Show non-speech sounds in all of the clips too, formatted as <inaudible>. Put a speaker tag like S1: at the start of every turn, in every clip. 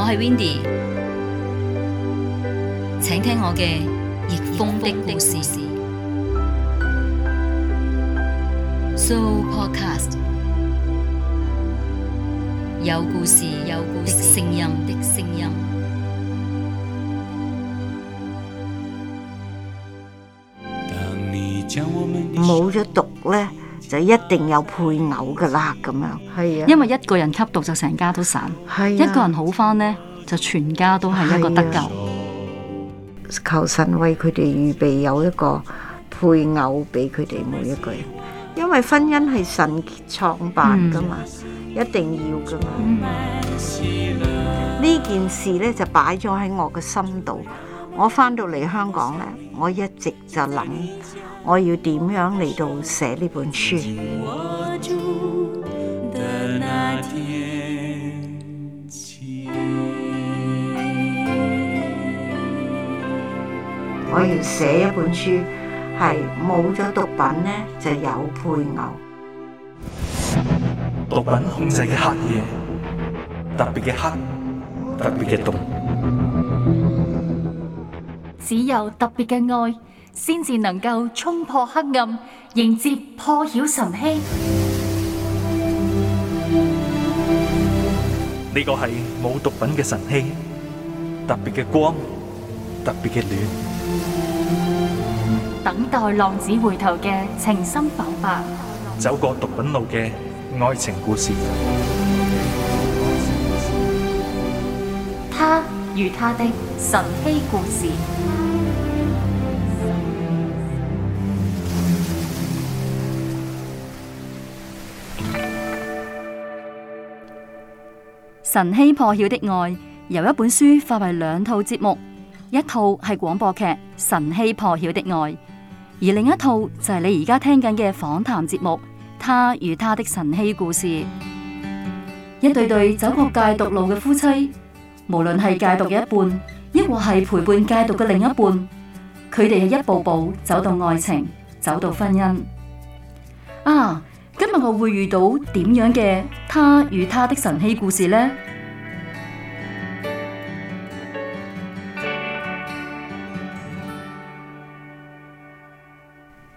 S1: 我係 Windy，請聽我嘅逆風的故事。So podcast 有故事，有故事，有聲音的聲
S2: 音。冇咗讀咧。就一定有配偶噶啦，咁樣，係
S1: 啊，因為一個人吸毒就成家都散，係啊，一個人好翻咧，就全家都係一個得救。
S2: 求神為佢哋預備有一個配偶俾佢哋每一個人，因為婚姻係神創辦噶嘛，一定要噶嘛。呢件事咧就擺咗喺我嘅心度，我翻到嚟香港咧，我一直就諗。我要點樣嚟到寫呢本書？我
S1: 要
S2: 寫一本書，係冇咗毒品呢，就有配偶。
S1: 毒品控制嘅黑夜，特別嘅黑，特別嘅凍。只有特別嘅愛，先至能夠衝破黑暗，迎接破曉晨曦。呢個係冇毒品嘅晨曦，特別嘅光，特別嘅暖。等待浪子回頭嘅情深剖白，走過毒品路嘅愛情故事，他與他的晨曦故事。晨曦破曉的愛》由一本書化為兩套節目，一套係廣播劇《晨曦破曉的愛》，而另一套就係你而家聽緊嘅訪談節目《他與他的晨曦故事》。一對對走過戒毒路嘅夫妻，無論係戒毒嘅一半，抑或係陪伴戒毒嘅另一半，佢哋係一步步走到愛情，走到婚姻。啊！今日我會遇到點樣嘅他與他的神奇故事呢？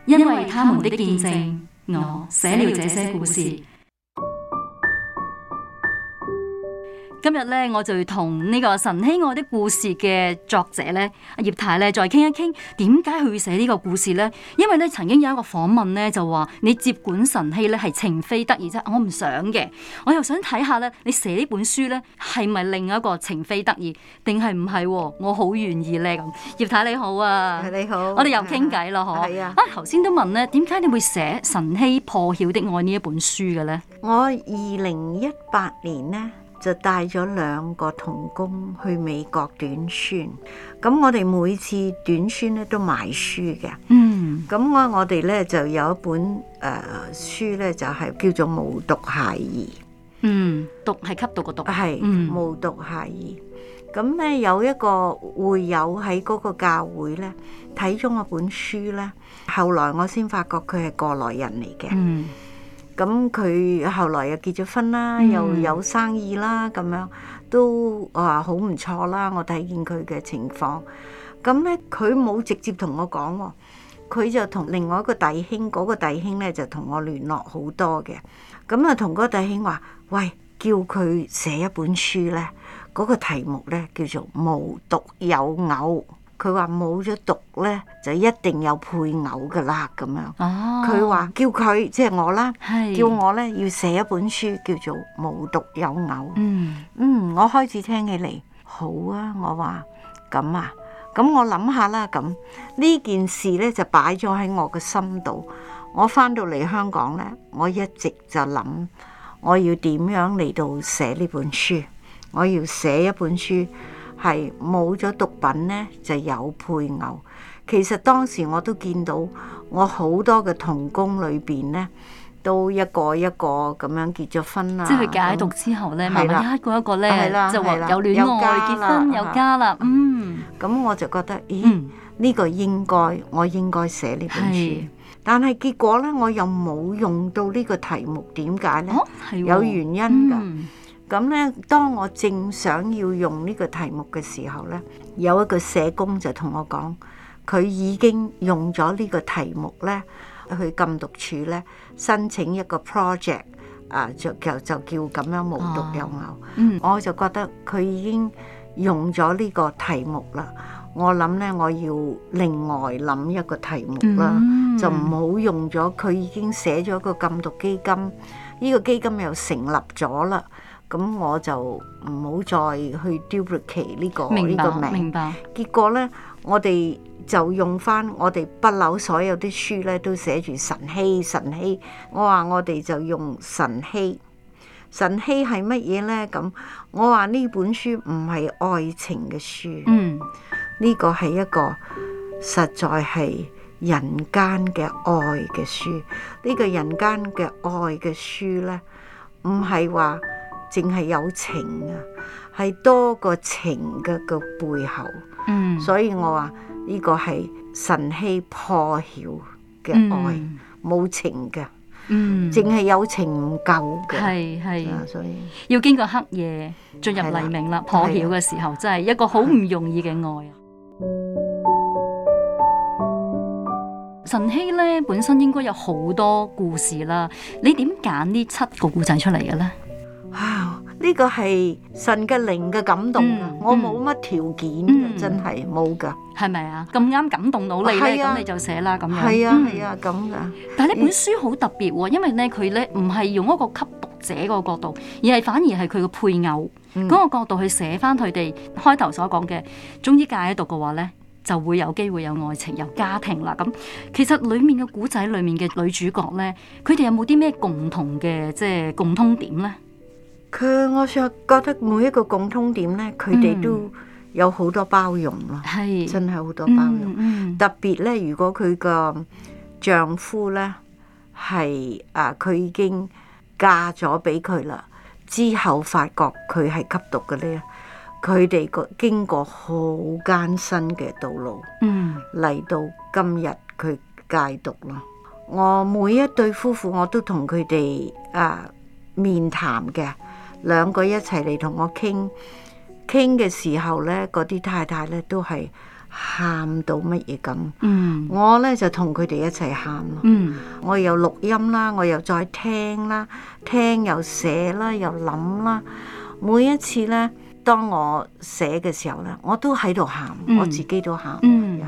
S1: 因為他們嘅見證，我寫了這些故事。今日咧，我就同呢個《晨曦愛的故事》嘅作者咧，葉太咧再傾一傾，點解佢會寫呢個故事咧？因為咧，曾經有一個訪問咧，就話你接管晨曦咧係情非得已啫，我唔想嘅。我又想睇下咧，你寫呢本書咧係咪另一個情非得已，定係唔係？我好願意咧咁。葉太你好啊，你好，我哋又傾偈啦，嗬。係啊，吧啊頭先、啊、都問咧，點解你會寫《晨曦破曉的愛》呢一本書嘅咧？我二零一
S2: 八年咧。就帶咗兩個童工去美國短宣，咁我哋每次短宣咧都賣書嘅。嗯，咁我我哋咧就有一本誒、呃、書咧，就係、是、叫做《無毒孩兒》。嗯，毒係吸毒個毒是，係、嗯、無毒孩兒。咁咧有一個會友喺嗰個教會咧睇咗我本書咧，後來我先發覺佢係過來人嚟嘅。嗯。咁佢後來又結咗婚啦，嗯，又有生意啦，咁樣都啊好唔錯啦。我睇見佢嘅情況，咁咧佢冇直接同我講喎，佢就同另外一個弟兄，嗰個弟兄咧就同我聯絡好多嘅。咁啊，同嗰個弟兄話：喂，叫佢寫一本書咧，嗰個題目咧叫做《無獨有偶》。佢話冇咗毒咧，就一定有配偶噶啦咁樣。佢話、oh. 叫佢即係我啦，是叫我咧要寫一本書叫做《無毒有偶》。Mm. 嗯，我開始聽起嚟好啊，我話咁啊，咁我諗下啦。咁呢件事咧就擺咗喺我嘅心度。我翻到嚟香港咧，我一直就諗我要點樣嚟到寫呢本書。我要寫一本書。係冇咗毒品咧，就有配偶。其實當時我都見到我好多嘅童工裏邊咧，都一個一個咁樣結咗婚啦。即係解毒之後咧，咪、嗯、一個一個咧的就話有戀愛結婚有家啦。嗯，咁我就覺得，咦，呢、嗯、個應該我應該寫呢本書。的但係結果咧，我又冇用到呢個題目，點解咧？有原因㗎。嗯咁咧，當我正想要用呢個題目嘅時候咧，有一個社工就同我講，佢已經用咗呢個題目咧去禁毒處咧申請一個 project，啊，就就就叫咁樣無毒有偶。Oh. Mm. 我就覺得佢已經用咗呢個題目啦，我諗咧我要另外諗一個題目啦，mm. 就唔好用咗佢已經寫咗個禁毒基金，呢個基金又成立咗啦。咁我就唔好再去 duplicate 呢個呢個名。明白，明白。結果咧，我哋就用翻我哋不朽所有啲書咧，都寫住神希神希。我話我哋就用神希，神希係乜嘢咧？咁我話呢本書唔係愛情嘅書，嗯，呢個係一個實在係人間嘅愛嘅書。呢個人間嘅愛嘅書咧，唔係話。淨係有情啊，係多個情嘅個背後，嗯，所以我話呢個係晨曦破曉嘅愛，冇情嘅，嗯，
S1: 淨係
S2: 有情唔夠嘅，係係，所以
S1: 要經過黑夜進入黎明啦，破曉嘅時候真係一個好唔容易嘅愛啊。晨曦咧本身應該有好多故事啦，你點揀呢七個故仔出嚟嘅咧？呢個係神嘅靈嘅感動，我冇乜條件嘅，真係冇噶，係咪啊？咁啱感動到你，咁你就寫啦，咁樣，係啊，係啊，咁噶。但係呢本書好特別，因為咧佢咧唔係用一個吸毒者個角度，而係反而係佢嘅配偶嗰個角度去寫翻佢哋開頭所講嘅，終於戒咗毒嘅話咧，就會有機會有愛情、有家庭啦。咁其實裏面嘅故仔，裏面嘅女主角咧，佢哋有冇啲咩共同嘅即係共通點咧？
S2: 佢我想覺得每一個共通點咧，佢哋都有好多包容咯，mm. 真係好多包容。Mm. 特別咧，如果佢個丈夫咧係啊，佢已經嫁咗俾佢啦，之後發覺佢係吸毒嘅咧，佢哋個經過好艱辛嘅道路，嚟、mm. 到今日佢戒毒咯。我每一對夫婦我都同佢哋啊面談嘅。兩個一齊嚟同我傾傾嘅時候咧，嗰啲太太咧都係喊到乜嘢咁。嗯、我咧就同佢哋一齊喊咯。嗯、我又錄音啦，我又再聽啦，聽又寫啦，又諗啦。每一次咧，當我寫嘅時候咧，我都喺度喊，嗯、我自己都喊。嗯、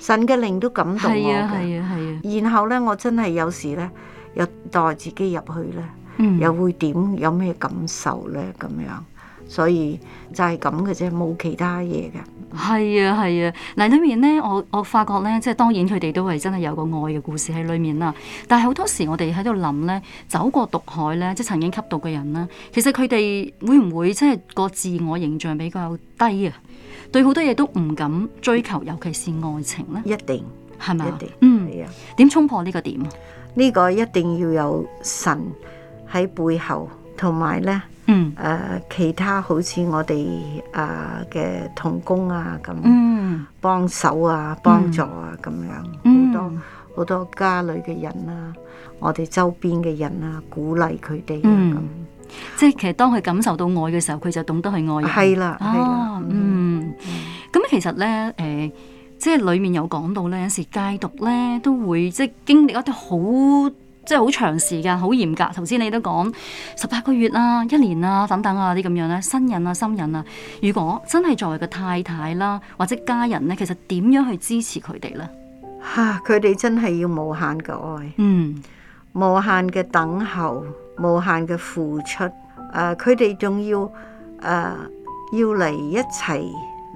S2: 神嘅靈都感動我嘅。啊啊啊、然後咧，我真係有時咧，又代自己入去咧。嗯，又會點？有咩感受呢？咁樣，所以就係咁嘅啫，冇其他嘢嘅。
S1: 係啊，係啊。嗱，裏面呢，我我發覺呢，即係當然佢哋都係真係有個愛嘅故事喺裏面啦。但係好多時我哋喺度諗呢，走過毒海呢，即係曾經吸毒嘅人呢，其實佢哋會唔會即係個自我形象比較低啊？對好多嘢都唔敢追求，尤其是愛情呢？一定係咪啊？一定，嗯，係啊。點衝破呢個點
S2: 啊？呢個一定要有神。喺背後，同埋咧，誒、嗯呃、其他好似我哋啊嘅同工啊咁，幫手啊、嗯、幫助啊咁樣，好多好、嗯、多家裏嘅人啊，我哋周邊嘅人啊，鼓勵佢哋啊咁，
S1: 嗯、樣即係其實當佢感受到愛嘅時候，佢就懂得去愛。係啦、嗯，啊，嗯，咁、嗯嗯、其實咧，誒、呃，即係裡面有講到咧，有時戒毒咧都會即係經歷一啲好。即係好長時間，好嚴格。頭先你都講十八個月啦、啊、一年啦、啊、等等啊啲咁樣咧，新人啊、新人啊，如果真係作為個太太啦或者家人咧，其實點樣去支持佢哋咧？
S2: 嚇！佢哋真係要無限嘅愛，嗯，無限嘅等候，無限嘅付出。誒、呃，佢哋仲要誒、呃、要嚟一齊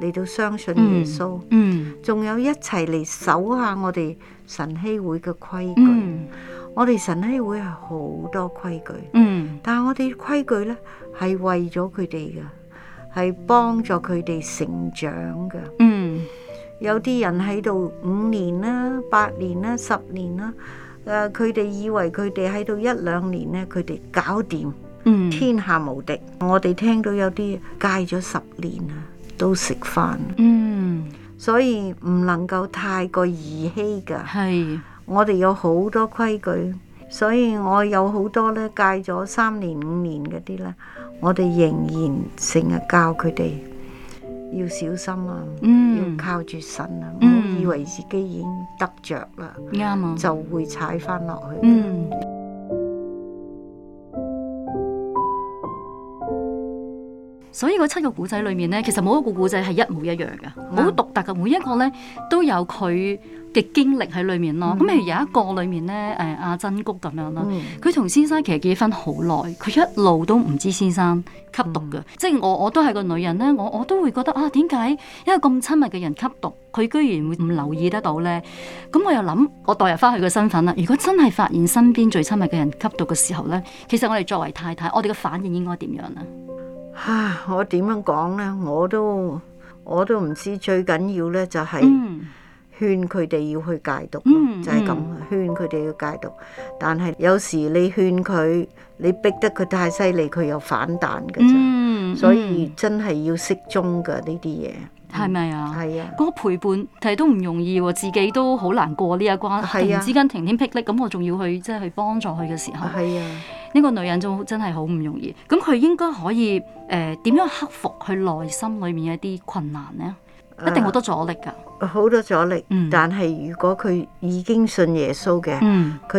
S2: 嚟到相信耶穌，嗯，仲、嗯、有一齊嚟守下我哋晨曦會嘅規矩。嗯嗯。我哋神希會係好多規矩，嗯，但係我哋規矩咧係為咗佢哋嘅，係幫助佢哋成長嘅，嗯。有啲人喺度五年啦、八年啦、十年啦，誒，呃，佢哋以為佢哋喺度一兩年咧，佢哋搞掂，嗯，天下無敵。我哋聽到有啲戒咗十年啊，都食翻，嗯，所以唔能夠太過兒戲噶，係。我哋有好多規矩，所以我有好多咧戒咗三年五年嗰啲咧，我哋仍然成日教佢哋要小心啊，嗯、要靠住神啊，唔好、嗯、以為自己已經得著啦，嗯、就會踩
S1: 翻落去。嗯。所以嗰七個古仔裏面咧，其實冇一個古仔係一模一樣嘅，好獨、嗯、特嘅，每一個咧都有佢嘅經歷喺裏面咯，咁譬、嗯、如有一個裏面咧，誒阿珍菊咁樣啦，佢同、嗯、先生其實結婚好耐，佢一路都唔知先生吸毒嘅，嗯、即係我我都係個女人咧，我我都會覺得啊，點解一個咁親密嘅人吸毒，佢居然會唔留意得到咧？咁、嗯嗯、我又諗，我代入翻佢個身份啦。如果真係發現身邊最親密嘅人吸毒嘅時候咧，其實我哋作為太太，我哋嘅反應應該點樣啊？啊，
S2: 我點樣講咧？我都我都唔知，最緊要咧就係，勸佢哋要去戒毒，嗯、就係咁，嗯、勸佢哋要戒毒。嗯、但係有時你勸佢，你逼得佢太犀利，佢又反彈嘅啫。嗯、所以真係要適中噶呢啲嘢，
S1: 係咪、嗯、啊？係啊，嗰個陪伴，但係都唔容易、啊，自己都好難過呢一關。啊、突然之間晴天霹靂，咁我仲要去即係、就是、去幫助佢嘅時候，係啊。呢、啊、個女人就真係好唔容易。咁佢應該可以誒，點樣克服佢內心裏面一啲困難咧？一定好多阻力噶，好、uh, 多阻力。嗯、但係如果佢已經信耶穌嘅，
S2: 佢、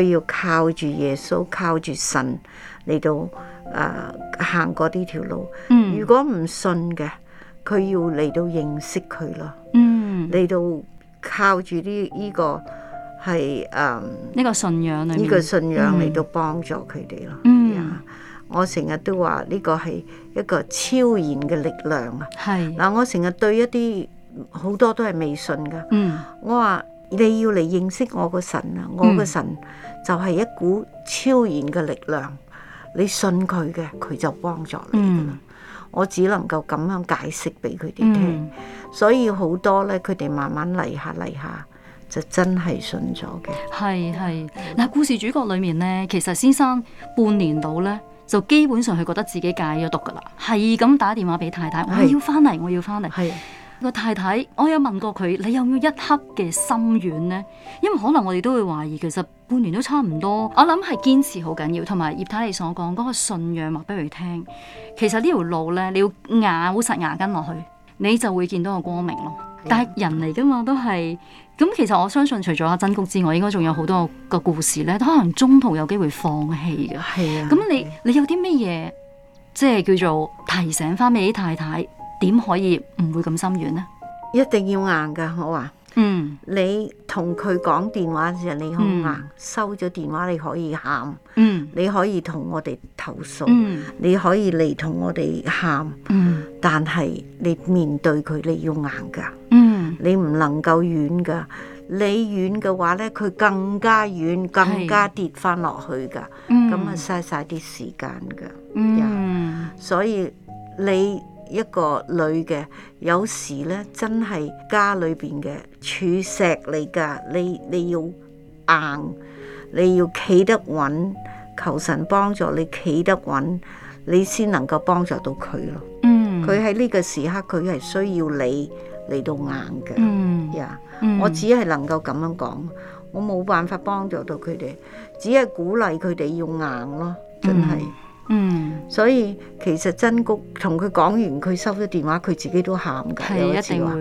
S2: 嗯、要靠住耶穌、靠住神嚟到，誒行過呢條路。嗯、如果唔信嘅，佢要嚟到認識佢咯。嚟到，嗯、靠住呢呢個係誒呢個信仰，呢個信仰嚟到幫助佢哋咯。嗯 yeah. 我成日都話呢個係一個超然嘅力量啊。嗱是，我成日對一啲。好多都係未信噶，嗯、我話你要嚟認識我個神啊！我個神就係一股超然嘅力量，嗯、你信佢嘅，佢就幫助你噶啦。嗯、我只能夠咁樣解釋俾佢哋聽，嗯、所以好多咧，佢哋慢慢嚟下嚟下，就真係信咗嘅。
S1: 係係嗱，故事主角裏面咧，其實先生半年到咧，就基本上佢覺得自己戒咗毒噶啦，係咁打電話俾太太，我要翻嚟，我要翻嚟。個太太，我有問過佢，你有冇一刻嘅心願呢？因為可能我哋都會懷疑，其實半年都差唔多。我諗係堅持好緊要，同埋葉太你所講嗰個信仰話俾佢聽。其實呢條路呢，你要咬實牙根落去，你就會見到個光明咯。但係人嚟噶嘛，都係咁。其實我相信，除咗阿曾谷之外，應該仲有好多個故事呢，都可能中途有機會放棄嘅。係啊。咁你你有啲咩嘢，即係叫做提醒翻俾太太？點可以唔會咁心軟呢？一定要
S2: 硬噶，我話，嗯，你同佢講電話嘅時候，你要硬，收咗電話你可以喊，嗯，你可以同我哋投訴，嗯，你可以嚟同我哋喊，嗯，但係你面對佢你要硬噶，嗯，你唔能夠軟噶，你軟嘅話咧，佢更加軟，更加跌翻落去噶，嗯，咁啊，嘥晒啲時間噶，嗯，所以你。一個女嘅，有時咧，真係家裏邊嘅柱石嚟㗎，你你要硬，你要企得穩，求神幫助你企得穩，你先能夠幫助到佢咯。嗯，佢喺呢個時刻佢係需要你嚟到硬嘅。嗯，呀 Yeah,、嗯，我只係能夠咁樣講，我冇辦法幫助到佢哋，只係鼓勵佢哋要硬咯，真係。嗯。嗯，所以其實真谷同佢講完，佢收咗電話，佢自己都喊㗎。有一次話，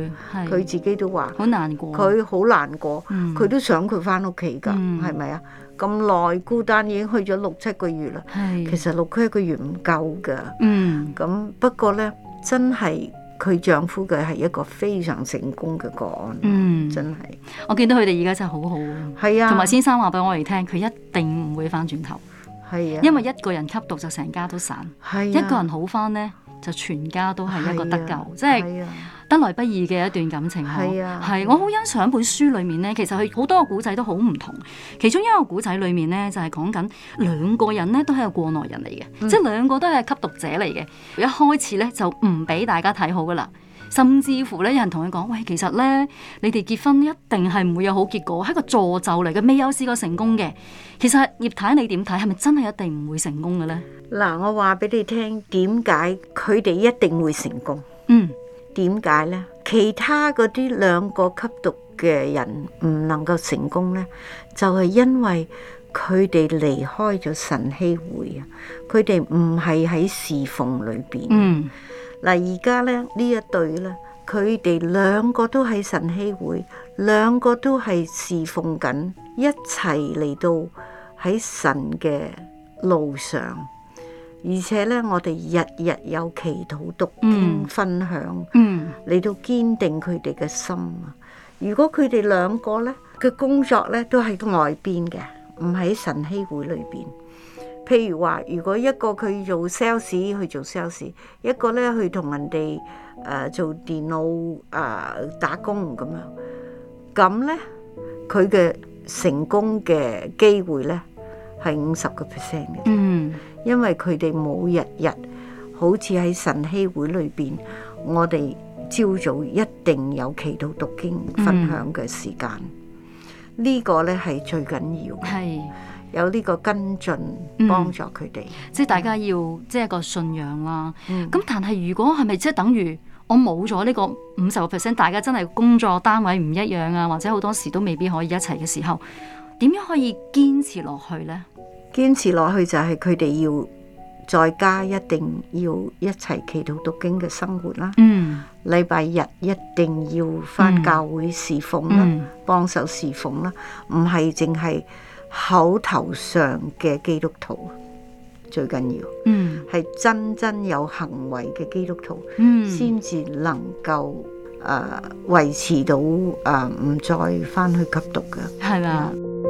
S2: 佢自己都話好難過，佢好難過，佢都想佢翻屋企㗎，係咪啊？咁耐孤單已經去咗六七個月啦，其實六七個月唔夠㗎。嗯，咁不過咧，真係佢丈夫嘅係一個非常成功嘅個案。嗯，真係。
S1: 我見到佢哋而家真係好好。係啊。同埋先生話俾我哋聽，佢一定唔會翻轉頭。因為一個人吸毒就成家都散，啊、一個人好翻呢，就全家都係一個得救，即係得來不易嘅一段感情咯。係、啊，我好欣賞本書裡面呢，其實佢好多個古仔都好唔同。其中一個古仔裡面呢，就係講緊兩個人呢都係個過來人嚟嘅，即係、啊、兩個都係吸毒者嚟嘅，一開始呢，就唔俾大家睇好噶啦。甚至乎咧，有人同佢講：喂，其實咧，你哋結婚一定係唔會有好結果，係一個助咒嚟嘅，未有試過成功嘅。其實葉太，你點睇？係咪真係一定唔會成功嘅咧？
S2: 嗱，我話俾你聽，點解佢哋一定會成功？嗯，點解咧？其他嗰啲兩個吸毒嘅人唔能夠成功咧，就係因為佢哋離開咗晨曦會啊，佢哋唔係喺侍奉裏邊。嗯。嗱，而家咧，呢一對咧，佢哋兩個都喺神曦會，兩個都係侍奉緊，一齊嚟到喺神嘅路上。而且咧，我哋日日有祈禱讀經、嗯、分享，嚟、嗯、到堅定佢哋嘅心。如果佢哋兩個咧嘅工作咧都喺外邊嘅，唔喺神曦會裏邊。譬如話，如果一個佢做 sales 去做 sales，一個咧去同人哋誒、呃、做電腦誒、呃、打工咁樣，咁咧佢嘅成功嘅機會咧係五十個 percent 嘅。嗯，因為佢哋冇日日好似喺晨曦會裏邊，我哋朝早一定有祈禱讀經分享嘅時間，嗯、個呢個咧係最緊要。係。有呢個跟進幫助
S1: 佢哋，即係、嗯就是、大家要即係、就是、一個信仰啦、啊。咁、嗯、但係如果係咪即係等於我冇咗呢個五十個 percent？大家真係工作單位唔一樣啊，或者好多時都未必可以一齊嘅時候，點樣可以堅持落去呢？
S2: 堅持落去就係佢哋要在家一定要一齊祈禱讀經嘅生活啦、啊。嗯，禮拜日一定要返教會侍奉啦，嗯、幫手侍奉啦，唔係淨係。嗯口頭上嘅基督徒最緊要，嗯，係真真有行為嘅基督徒，嗯，先至能夠誒維持到誒唔、呃、再翻去吸毒嘅，
S1: 係嘛的？嗯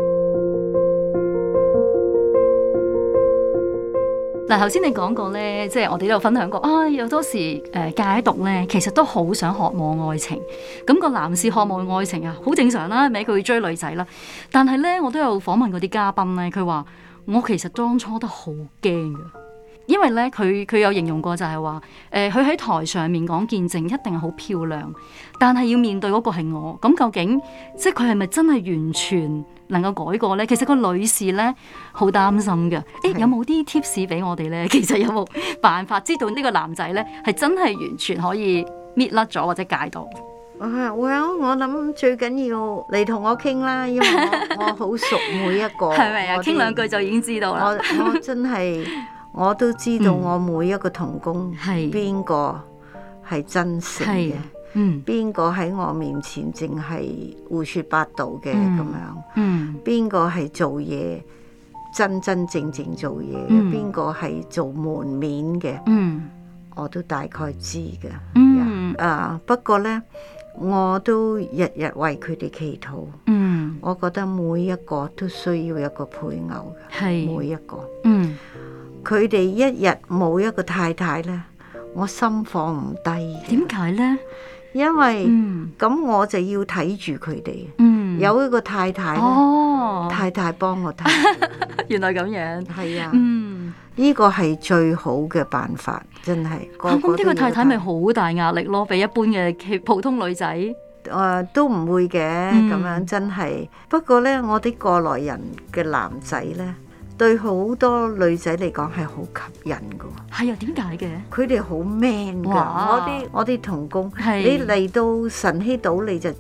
S1: 嗱，頭先你講過咧，即係我哋都有分享過，啊、哎，有多時誒戒毒咧，其實都好想渴望愛情。咁個男士渴望愛情啊，好正常啦，咪佢會追女仔啦。但係咧，我都有訪問嗰啲嘉賓咧，佢話我其實當初都好驚嘅。因為咧，佢佢有形容過就，就係話，誒，佢喺台上面講見證一定係好漂亮，但係要面對嗰個係我，咁究竟即係佢係咪真係完全能夠改過咧？其實個女士咧好擔心嘅，誒、欸，有冇啲 tips 俾我哋咧？其實有冇辦法知道呢個男仔咧係真係完全可以搣甩咗或者戒到？啊 w、Well，
S2: 我諗最緊要你同我傾啦，因為我， <laughs> 我好熟每一個，係咪啊？傾們兩句就已經知道啦。我我真係。 <laughs> 我都知道我每一個同工，邊個係真誠嘅，邊個喺我面前淨係胡說八道嘅咁樣，嗯，邊個係做嘢真真正正做嘢嘅，邊個係做門面嘅，我都大概知㗎，啊，不過咧，我都日日為佢哋祈禱，我覺得每一個都需要一個配偶嘅，每一個，佢哋一日冇一個太太咧，我心放唔低。點解咧？因為咁我就要睇住佢哋。嗯，有一個太太咧，太太幫我睇。
S1: 原來咁樣。係啊。嗯，
S2: 呢個係最好嘅辦法，真係。嚇！咁呢個太太
S1: 咪好大壓力咯，比一般嘅普通女仔。誒、呃，
S2: 都唔會嘅咁樣，嗯、真係。不過咧，我啲過來人嘅男仔咧。對好多女仔嚟講係好吸引㗎，係啊，
S1: 點解嘅？
S2: 佢哋好 man 㗎哇，我啲我啲同工，是你嚟到晨曦島你就知，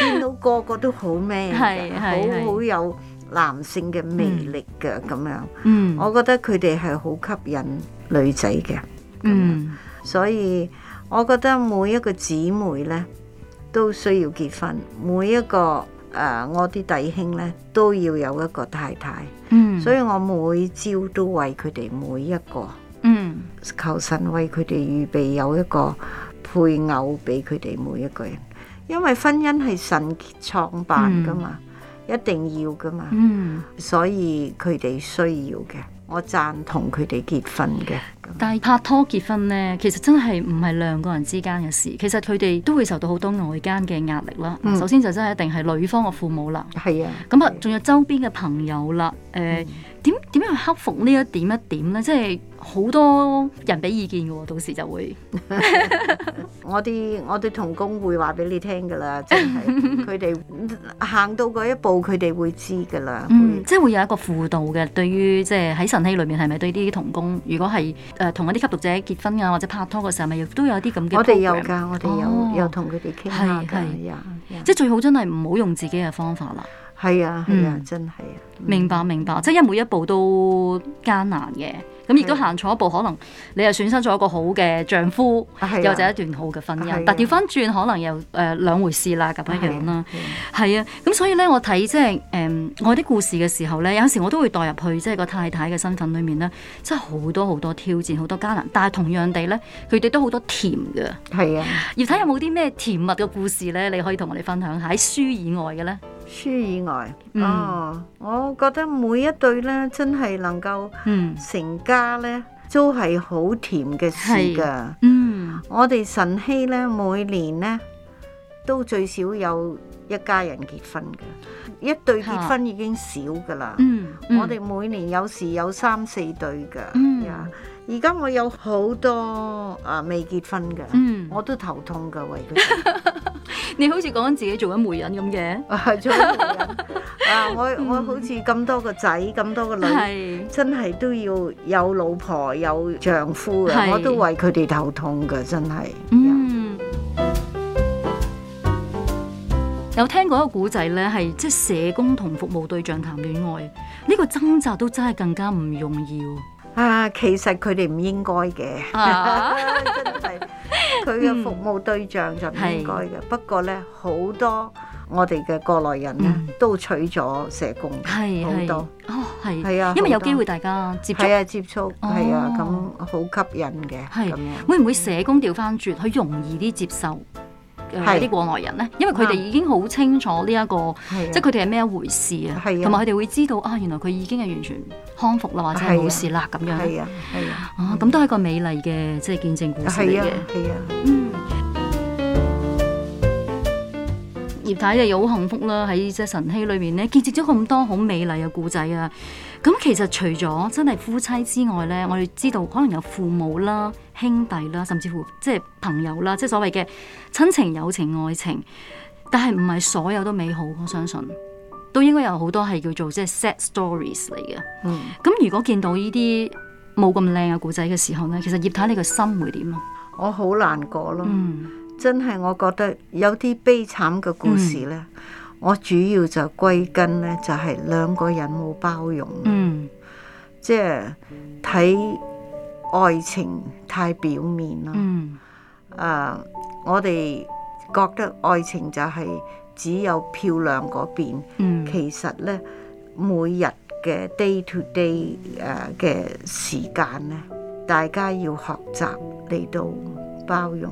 S2: 見 <laughs> 到個個都好 man 㗎，好好有男性嘅魅力㗎咁、嗯、樣。嗯，我覺得佢哋係好吸引女仔嘅。嗯，所以我覺得每一個姊妹呢都需要結婚，每一個。誒，uh, 我啲弟兄咧都要有一個太太，mm. 所以我每朝都為佢哋每一個
S1: ，mm.
S2: 求神為佢哋預備有一個配偶俾佢哋每一個人，因為婚姻係神創辦㗎嘛，mm. 一定要㗎嘛，mm. 所以佢哋需要嘅，我贊同佢哋結婚嘅。
S1: 但係拍拖結婚咧，其實真係唔係兩個人之間嘅事，其實佢哋都會受到好多外間嘅壓力啦。嗯、首先就真係一定係女方嘅父母啦，係啊，咁啊，仲有周邊嘅朋友啦。誒、呃，點點、嗯、樣去克服呢一點一點咧？嗯、即係。好多人俾意見嘅喎，到時就會 <laughs>
S2: <laughs> 我哋我哋同工會話俾你聽嘅啦，真係佢哋行到嗰一步，佢哋會知嘅啦。嗯、們即
S1: 係會有一個輔導嘅，對於即係喺神氣裏面係咪對啲同工，如果係誒同一啲吸毒者結婚啊，或者拍拖嘅時候，咪亦都有啲咁嘅。我哋有㗎，我哋、哦、有有同佢哋傾下嘅，有、嗯、即係最好，真係唔好用自己嘅方法啦。係啊，係啊、嗯、啊，真係啊！明白，明白，即係每一步都艱難嘅。咁亦都行錯一步，的可能你又損失咗一個好嘅丈夫，又就的一段好嘅婚姻。的但調翻轉，可能又誒、呃、兩回事啦，咁樣樣啦，係啊。咁所以咧，我睇即係誒我啲故事嘅時候咧，有時我都會代入去即係個太太嘅身份裏面咧，即係好多好多挑戰，好多艱難。但係同樣地咧，佢哋都好多甜嘅，係啊的。葉太的有冇啲咩甜蜜嘅故事咧，你可以同我哋分享喺書以外嘅咧？書以外、嗯、哦！我覺得
S2: 每一對咧，真係能夠成家咧，嗯、都係好甜嘅事噶。嗯，我哋晨曦咧，每年咧都最少有一家人結婚嘅，一對結婚已經少噶啦、嗯。嗯，我哋每年有時有三四對噶。嗯。Yeah 而家我有好多啊未結婚嘅，嗯、我都頭痛㗎，為佢哋
S1: <laughs> 你好似講緊自己做緊媒人咁嘅。 <laughs> 啊！我我好似咁多個
S2: 仔，咁、嗯、多個女，是真係都要有老婆有丈夫嘅，是我都為佢哋頭痛嘅，真係。嗯、Yeah.
S1: 有聽過一個古仔呢，係即社工同服務對象談戀愛，呢、呢個掙扎都真係更加唔容易。啊，其實佢哋唔應該嘅，
S2: 啊、 <laughs> 真係佢嘅服務對象就唔應該嘅。嗯、不過咧，好多我哋嘅國內人、嗯、都取咗社工，好是多
S1: 哦，係係啊，因為有機會大家接係啊接觸，係、哦、啊咁好吸引嘅，係咁是樣會唔會社工調翻轉佢容易啲接受？啲的國內人咧，因為佢哋已經好清楚呢、這、一個，的即係佢哋係咩一回事啊，同埋佢哋會知道啊，原來佢已經係完全康復啦，或者係冇事啦咁的樣。係啊，係啊，咁都係個美麗嘅即係見證故事嘅。係啊，嗯。葉太又好幸福啦，喺隻神器裏面咧，見證咗咁多好美麗嘅故仔啊！咁其實除咗真係夫妻之外咧，我哋知道可能有父母啦、兄弟啦，甚至乎即係朋友啦，即係所謂嘅親情、友情、愛情，但係唔係所有都美好，我相信都應該有好多係叫做即係 sad stories 嚟嘅。咁，嗯，如果見到呢啲冇咁靚嘅故仔嘅時候呢，其實葉太你個心會點啊？
S2: 我好難過咯。嗯真係，我覺得有啲悲慘嘅故事咧，mm. 我主要就歸根咧，就係、是、兩個人冇包容，mm. 即係睇愛情太表面咯。誒、mm. 啊，我哋覺得愛情就係只有漂亮嗰邊，mm. 其實咧，每日嘅 day to day 誒嘅時間咧，大家要學習嚟到包容。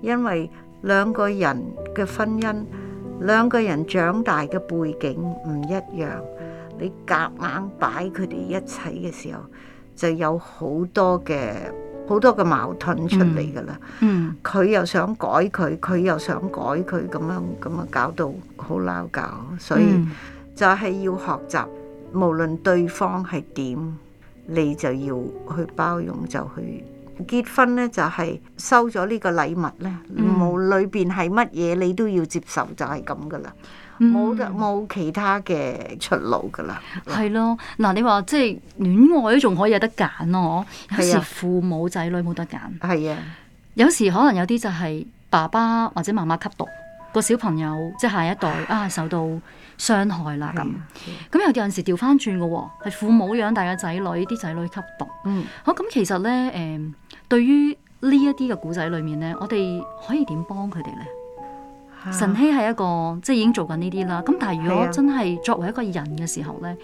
S2: 因為兩個人嘅婚姻，兩個人長大嘅背景唔一樣，你夾硬，硬擺佢哋一齊嘅時候，就有好多嘅好多嘅矛盾出嚟㗎啦。佢、嗯嗯、又想改佢，佢又想改佢，咁樣咁樣搞到好鬧交。所以就係要學習，無論對方係點，你就要去包容就去。結婚咧就係、是、收咗呢個禮物咧，冇裏邊係乜嘢，你都要接受，就係咁噶啦，
S1: 冇得
S2: 冇其他嘅出路噶啦。
S1: 係咯，嗱你話即係戀愛仲可以有得揀咯，的有時父母仔女冇得揀。係啊的，有時可能有啲就係爸爸或者媽媽吸毒，個小朋友即係、就是、下一代啊唉受到傷害啦咁。咁有啲陣時調翻轉噶喎，係父母養大嘅仔女，啲仔女吸毒。嗯，嗯好，咁其實咧誒。嗯對於呢一啲嘅古仔裏面咧，我哋可以點幫佢哋咧？晨曦係一個即係已經做緊呢啲啦。咁但係如果真係作為一個人嘅時候咧，啊、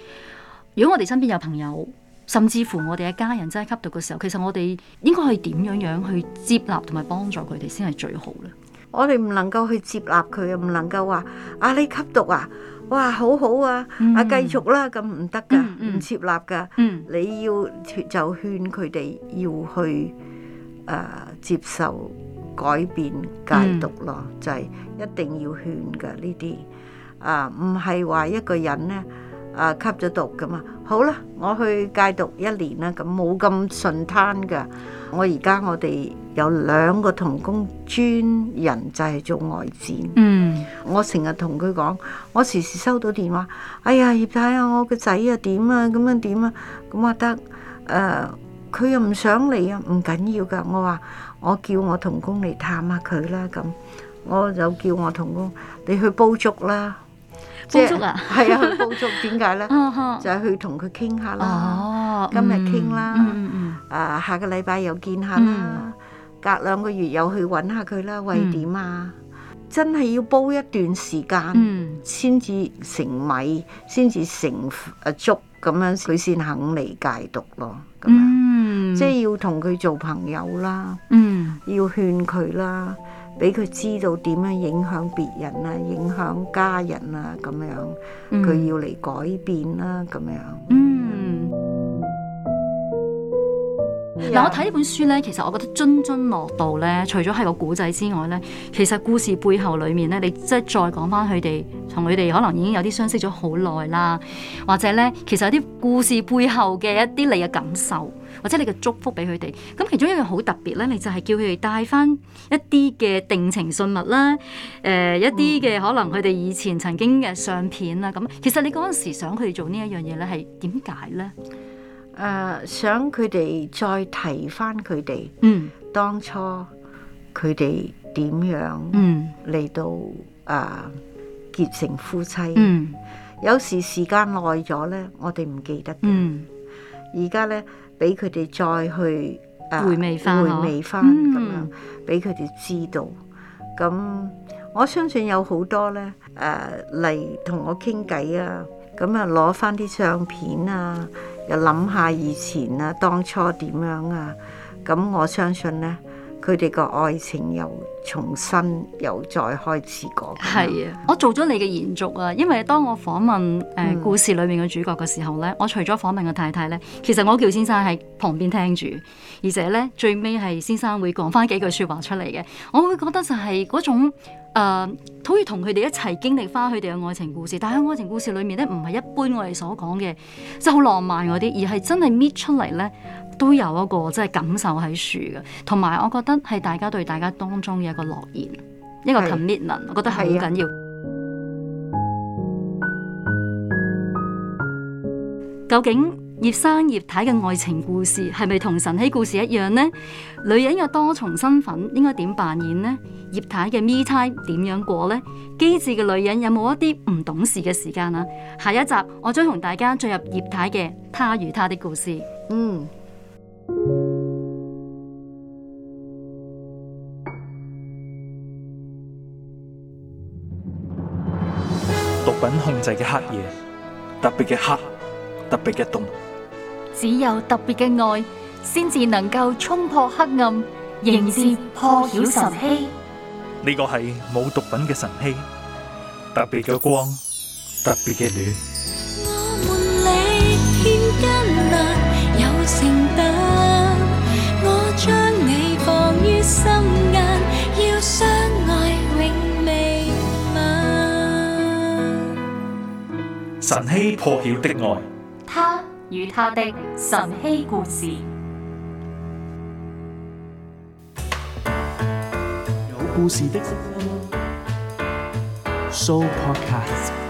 S1: 如果我哋身邊有朋友，甚至乎我哋嘅家人真係吸毒嘅時候，其實我哋應該係點樣樣去接納同埋幫助佢哋先係最好啦。
S2: 我哋唔能夠去接納佢，唔能夠話啊你吸毒啊，哇好好啊，嗯、啊繼續啦咁唔得㗎，唔、嗯嗯、接納㗎。嗯、你要就勸佢哋要去。誒、啊、接受改變戒毒咯，嗯、就係一定要勸嘅呢啲。啊，唔係話一個人咧，啊吸咗毒噶嘛，好啦，我去戒毒一年啦，咁冇咁順攤嘅。我而家我哋有兩個同工專人就係做外展。嗯，我成日同佢講，我時時收到電話，哎呀葉太啊，我個仔啊點啊咁樣，點啊，咁話、啊、得誒。啊佢又唔想嚟啊！唔緊要噶，我話我叫我同工嚟探下佢啦。咁我就叫我同工你去煲粥啦。煲粥啊，係啊，去煲粥點解咧？就係去同佢傾下啦。今日傾啦，啊，下個禮拜又見下啦。隔兩個月又去揾下佢啦，喂，點啊？真係要煲一段時間先至成米，先至成啊粥咁樣，佢先肯嚟戒毒咯。嗯。即係要同佢做朋友啦，嗯，要勸佢啦，俾佢知道點樣影響別人啊，影響家人啊，咁樣佢、嗯、要嚟改變啦，咁樣。嗯。
S1: 嗱、嗯，Yeah. 我睇呢本書咧，其實我覺得《津津樂道》咧，除咗係個古仔之外咧，其實故事背後裏面咧，你即係再講翻佢哋同佢哋可能已經有啲相識咗好耐啦，或者咧，其實有啲故事背後嘅一啲你嘅感受。或者你嘅祝福俾佢哋咁，其中一樣好特別咧，你就係叫佢哋帶翻一啲嘅定情信物啦。誒、呃，一啲嘅可能佢哋以前曾經嘅相片啊，咁其實你嗰陣時想佢哋做呢一樣嘢咧，係點解咧？誒、
S2: 呃，想佢哋再提翻佢哋，嗯，當初佢哋點樣，嗯，嚟到啊結成夫妻。嗯，有時時間耐咗咧，我哋唔記得嘅。嗯，而家咧。俾佢哋再去回味翻，啊、回味翻咁、嗯、樣，俾佢哋知道。咁我相信有好多咧，誒嚟同我傾偈啊，咁啊攞翻啲相片啊，又諗下以前啊，當初點樣啊，咁我相信咧。佢哋個愛情又重新又再開始過。係啊，
S1: 我做咗你嘅延續啊，因為當我訪問誒、呃、故事裏面嘅主角嘅時候咧，我除咗訪問個太太咧，其實我叫先生喺旁邊聽住，而且咧最尾係先生會講翻幾句説話出嚟嘅。我會覺得就係嗰種誒、呃，好似同佢哋一齊經歷翻佢哋嘅愛情故事，但係愛情故事裏面咧唔係一般我哋所講嘅，就好浪漫嗰啲，而係真係搣出嚟咧。都有一個即係感受喺樹嘅，同埋我覺得係大家對大家當中嘅一個諾言，是一個 commitment，是我覺得係好緊要。啊、究竟葉生葉太嘅愛情故事係咪同神奇故事一樣呢？女人嘅多重身份應該點扮演呢？葉太嘅 me time 點樣過呢？機智嘅女人有冇一啲唔懂事嘅時間啊？下一集我將同大家進入葉太嘅他與她的故事。嗯。毒品控制嘅黑夜，特別嘅黑，特別嘅凍。只有特別嘅愛，先至能夠衝破黑暗，迎接破曉晨曦。呢個係冇毒品嘅晨曦，特別嘅光，特別嘅暖。神曦破曉的愛，他與他的神曦故事，有故事的 Show podcast。